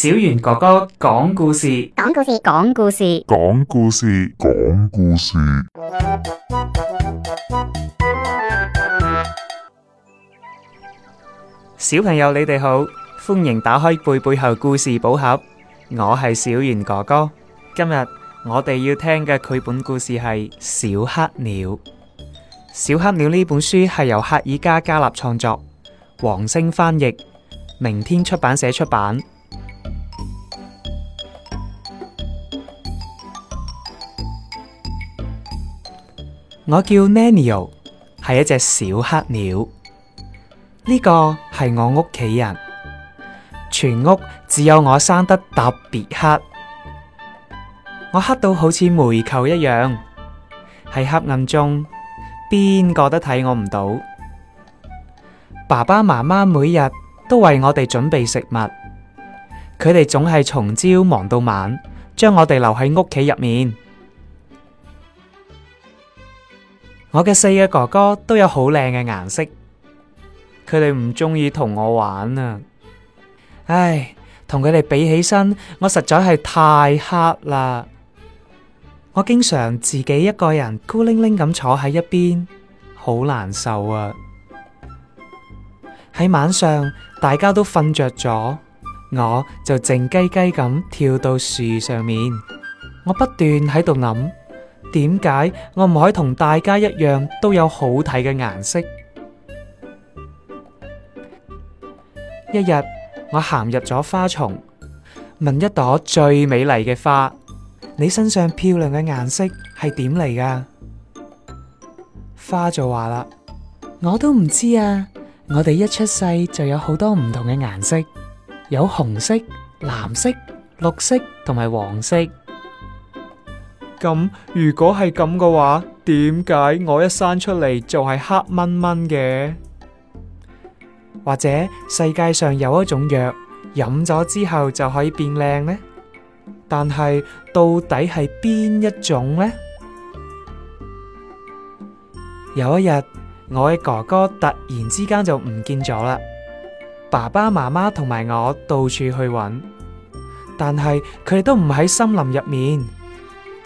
小袁哥哥講故事，講故事，講故事，講故事，講故事，講故事。小朋友，你哋好，歡迎打開《貝貝猴故事寶盒》。我係小袁哥哥，今日我哋要聽嘅繪本故事係《小黑鳥》。《小黑鳥》呢本書係由赫爾嘉加納創作，王星翻譯，明天出版社出版。我叫 Nanyo，係一隻小黑鳥。呢個係我屋企人，全屋只有我生得特別黑。我黑到好似煤球一樣，喺黑暗中邊個都睇我唔到。爸爸媽媽每日都為我哋準備食物，佢哋總係從朝忙到晚，將我哋留喺屋企入面。我嘅四個哥哥都有好靚嘅顏色，佢哋唔中意同我玩啊！唉，同佢哋比起身，我實在係太黑啦！我經常自己一個人孤零零咁坐喺一邊，好難受啊！喺晚上，大家都瞓着咗，我就靜雞雞咁跳到樹上面，我不斷喺度諗。點解我唔可以同大家一樣都有好睇嘅顏色？一日我行入咗花叢，問一朵最美麗嘅花：你身上漂亮嘅顏色係點嚟㗎？花就話啦：我都唔知啊！我哋一出世就有好多唔同嘅顏色，有紅色、藍色、綠色同埋黃色。咁如果係咁嘅話，點解我一生出嚟就係黑蚊蚊嘅？或者世界上有一種藥飲咗之後就可以變靚呢？但係到底係邊一種呢？有一日，我嘅哥哥突然之間就唔見咗啦，爸爸媽媽同埋我到處去揾，但係佢哋都唔喺森林入面。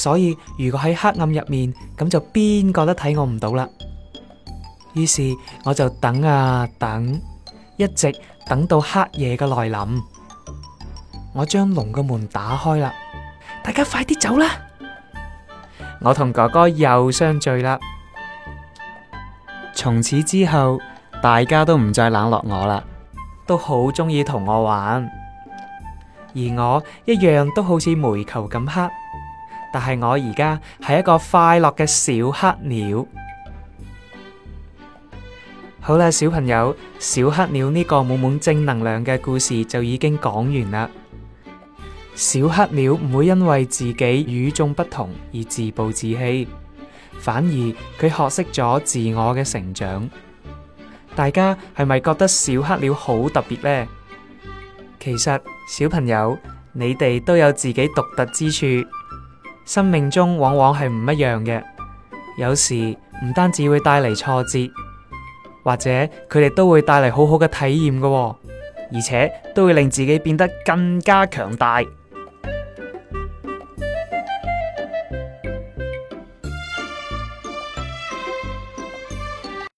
所以如果喺黑暗入面，咁就邊個都睇我唔到啦。於是我就等啊等，一直等到黑夜嘅來臨，我將籠個門打開啦，大家快啲走啦！我同哥哥又相聚啦。從此之後，大家都唔再冷落我啦，都好中意同我玩，而我一樣都好似煤球咁黑。但係我而家係一個快樂嘅小黑鳥。好啦，小朋友，小黑鳥呢個滿滿正能量嘅故事就已經講完啦。小黑鳥唔會因為自己與眾不同而自暴自棄，反而佢學識咗自我嘅成長。大家係咪覺得小黑鳥好特別呢？其實，小朋友，你哋都有自己獨特之處。生命中往往係唔一樣嘅，有時唔單止會帶嚟挫折，或者佢哋都會帶嚟好好嘅體驗噶喎，而且都會令自己變得更加強大。